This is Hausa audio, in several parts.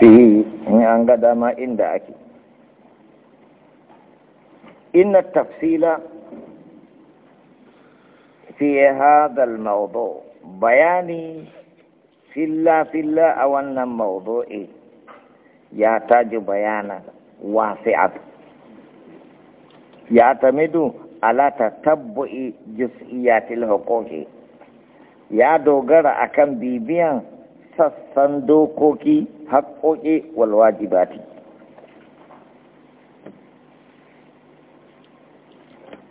fihi in an ga dama inda ake inna tafsila fi hadal mawdu bayani filla filla a wannan mawdu'i ya taji bayana wasi'at ya tamidu ala tatabbu'i juz'iyatil huquqi ya dogara akan bibiyan sassan dokoki haƙoƙi wal wajibati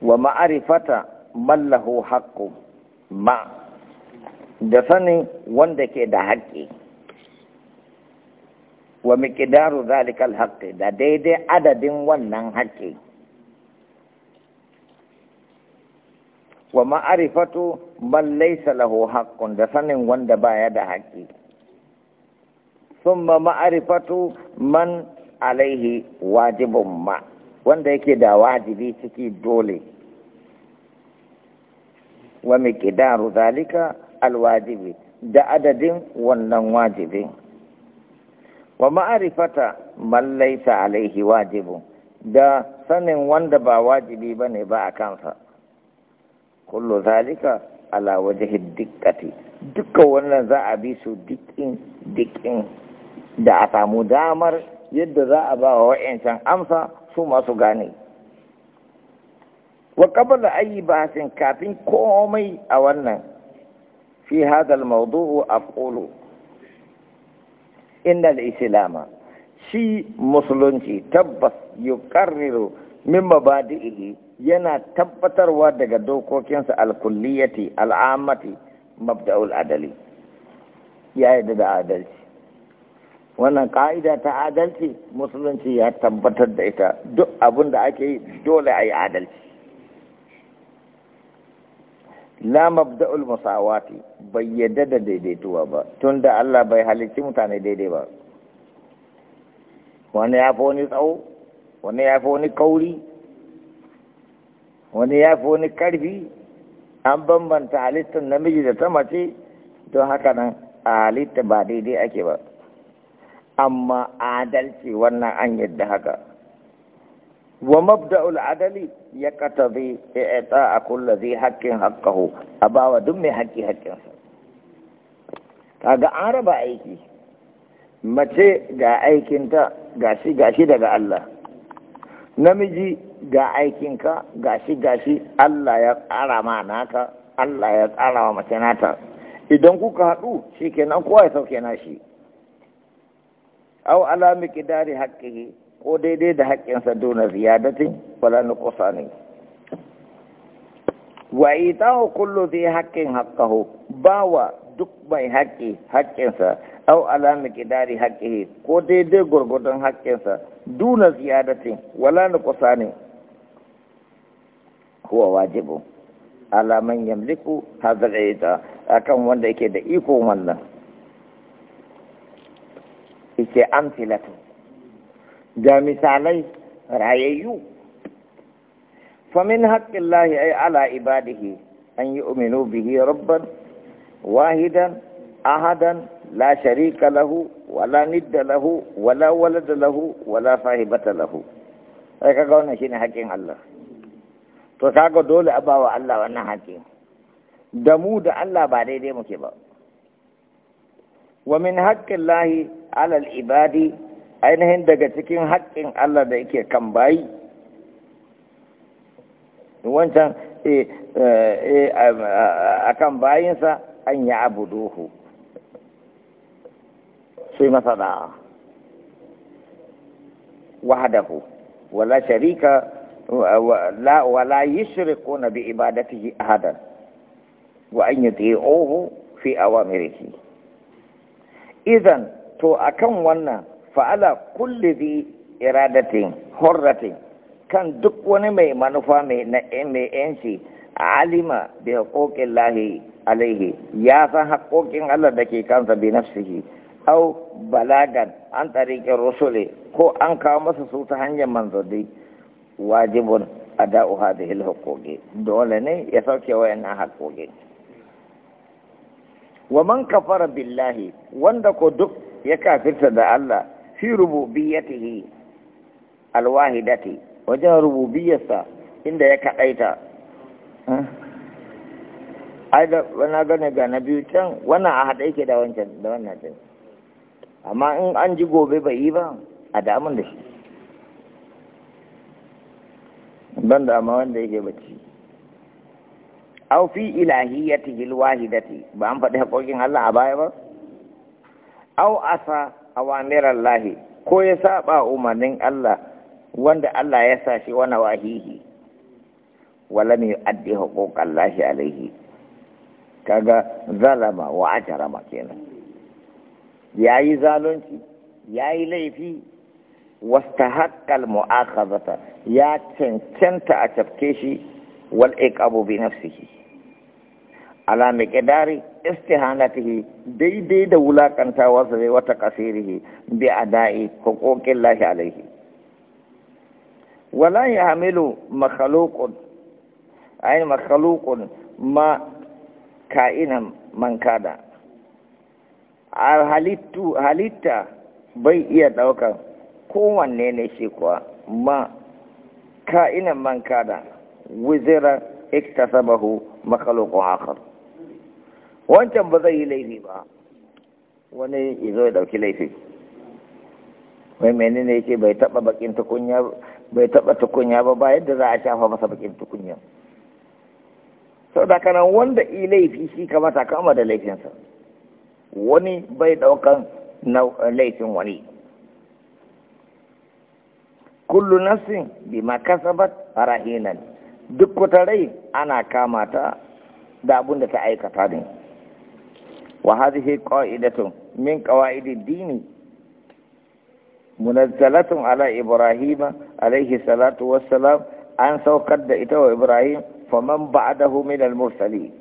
wa ma'arifata mallahu haƙo ma da sanin wanda ke da haƙƙi wa miƙidaru zalikal haƙƙi da daidai adadin wannan haƙƙi wa ma'arifatu man laysa lahu haqqun da sanin wanda baya da haƙƙi ثم ma'arifatu man alaihi wajibun ma. wanda yake da wajibi ciki dole wa miqdaru zalika alwajibi da adadin wannan wajibin wa ma'arifata man laysa alaihi wajibun da sanin wanda ba wajibi bane ba a kansa kullu zalika ala wajhi dikkati dukkan wannan za a bi su dikkin dikkin da a samu damar yadda za a ba wa wa'yancan amsa su masu gane wa da ayi basin kafin komai a wannan fi hadal al-mawdu'u aqulu inna al shi musulunci tabbas yuqarriru min mabadi'ihi yana tabbatarwa daga dokokinsa al-kulliyati al'amati, mabda'ul adali ya yi da adalci wannan ka'ida ta adalci musulunci ya tabbatar da ita duk abin da ake yi dole a yi adalci la mabda'ul musawati bai yadda da daidaituwa ba tun da Allah bai halicci mutane daidai ba wani ya fi wani tsawo wani ya fi wani kauri wani ya fi wani karfi an bambanta halittar namiji da ta mace don haka nan a halitta ba daidai ake ba amma adalci wannan an yadda haka wa mabda'ul adali ya ya i'ta a kulla zai haƙƙin haqqahu a bawa duk mai haƙƙi haƙƙinsa kaga an raba aiki mace ga aikinta gashi gashi daga Allah namiji ga aikinka gashi gashi Allah ya tsara ma naka Allah ya tsara wa mace nata idan kuka haɗu shi kenan kowa ya sauke na shi aw ala miqdari haqqihi ko daidai da haƙƙinsa dona ziyadati wala ne? wa ita'u kullu dhi haqqin haqqahu bawa duk mai haƙƙi haƙƙinsa aw ala miqdari haqqihi ko daidai gurgudun haƙƙinsa duna ziyadati wala nuqsani huwa wajibu ala man yamliku hadha al-ita akan wanda yake da iko wannan yake amfilatu da misalai rayayyu famin haƙƙin lahi ai ala ibadihi an yi uminu bihi rabban wahidan ahadan la sharika lahu wala nidda lahu wala walada lahu wala sahibata lahu sai kaga wannan shine haƙƙin Allah to kaga dole a bawa Allah wannan haƙƙi da mu da Allah ba daidai muke ba wa min haƙƙin lahi alal ibadi ainihin daga cikin haƙƙin Allah da yake kan bayi wancan eh, eh, eh, a kan bayinsa an yi abu duhu su yi masa da'a wahadahu wala sharika wala yushriku na bi ibadatihi hadar wa an yuti'uhu fi awa mereki idan to akan wannan fa'ala kulli zai iradatin hurratin kan duk wani mai manufa mai yanci alima bi haƙoƙin lahi alaihi ya san haƙoƙin Allah da ke kansa bi nafsihi au balagan an tariƙin rusule ko an kawo masa su ta hanyar manzanni wajibun a hadhihi hil haƙoƙi dole ne ya sauke wayannan haƙoƙi wa man kafara billahi wanda ko duk ya kafirta da Allah fi rububiyyatihi alwahidati wajen rububiyyarsa inda ya kaɗaita hmm? aida wana gane ga na biyu can wannan a haɗa yake da wancan da wannan can amma in an ji gobe bai yi ba a damun da shi ban da amma wanda yake bacci au fi ilahiyyatihi alwahidati ba an faɗi haƙoƙin Allah a baya ba au asa awamiran lahi ko ya saba umarnin Allah wanda Allah ya sa shi wani wahihi wala mai addi haƙoƙan lahi alaihi kaga zalama wa ajarama kenan ya yi zalunci ya yi laifi wasta haƙƙal mu'akazata ya cancanta a cafke shi wal iqabu bi nafsihi ala istihanatihi daidai da wulakantawa sa wata kasirihi bi ada'i huquqin lahi alaihi wala yahmilu makhluqun ay makhluqun ma ka'inan man kada al halittu halitta bai iya daukar kowanne ne shi kuwa ma ka'inan man kada wizira iktasabahu makhluqun akhar wancan ba zai yi laifi ba wani izo ya dauki laifi wai menene yake bai taba bakin tukunya bai taba tukunya ba ba yadda za a shafa masa bakin tukunya sau da kanan wanda yi laifi shi kamata kama da laifinsa wani bai daukan laifin wani kullu nafsin ma kasabat rahinan duk wata rai ana kama ta da abin ta aikata ne wa hadhihi qa'idatu min qawaidi dini munazzalatu ala ibrahima alayhi salatu wa salam an sawqadda ita wa ibrahim fa man ba'dahu min mursali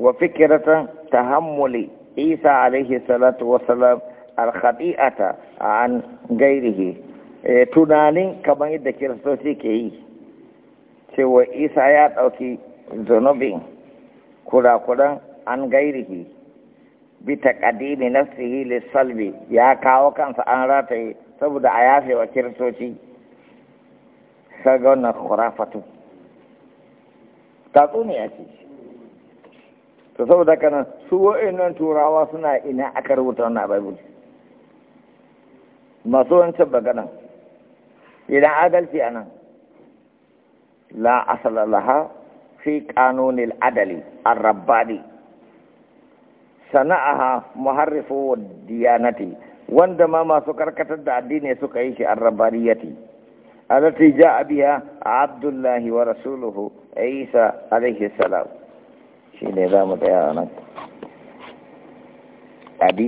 wa fikrata tahammuli isa alayhi salatu wa salam al-khati'ata an ghayrihi e, tunani kaman yadda kiristoci ke yi cewa isa ya ɗauki zanubi kura-kura an gairihi bi taqdimi nafsihi lis-salbi ya kawo kansa an rataye saboda a yafe wa kiristoci kaga wannan khurafatu tatsuniya ce to saboda kana su wa'annan turawa suna ina aka rubuta wannan bible masu wancan bagana idan adalci anan la asala laha fi qanunil adali ar-rabbani sana'aha muharrifu diyanati wanda ma masu karkatar da addini suka yi shi arrabariyati alati ja'a biha abdullahi wa rasuluhu isa alaihi salam shine zamu tsaya nan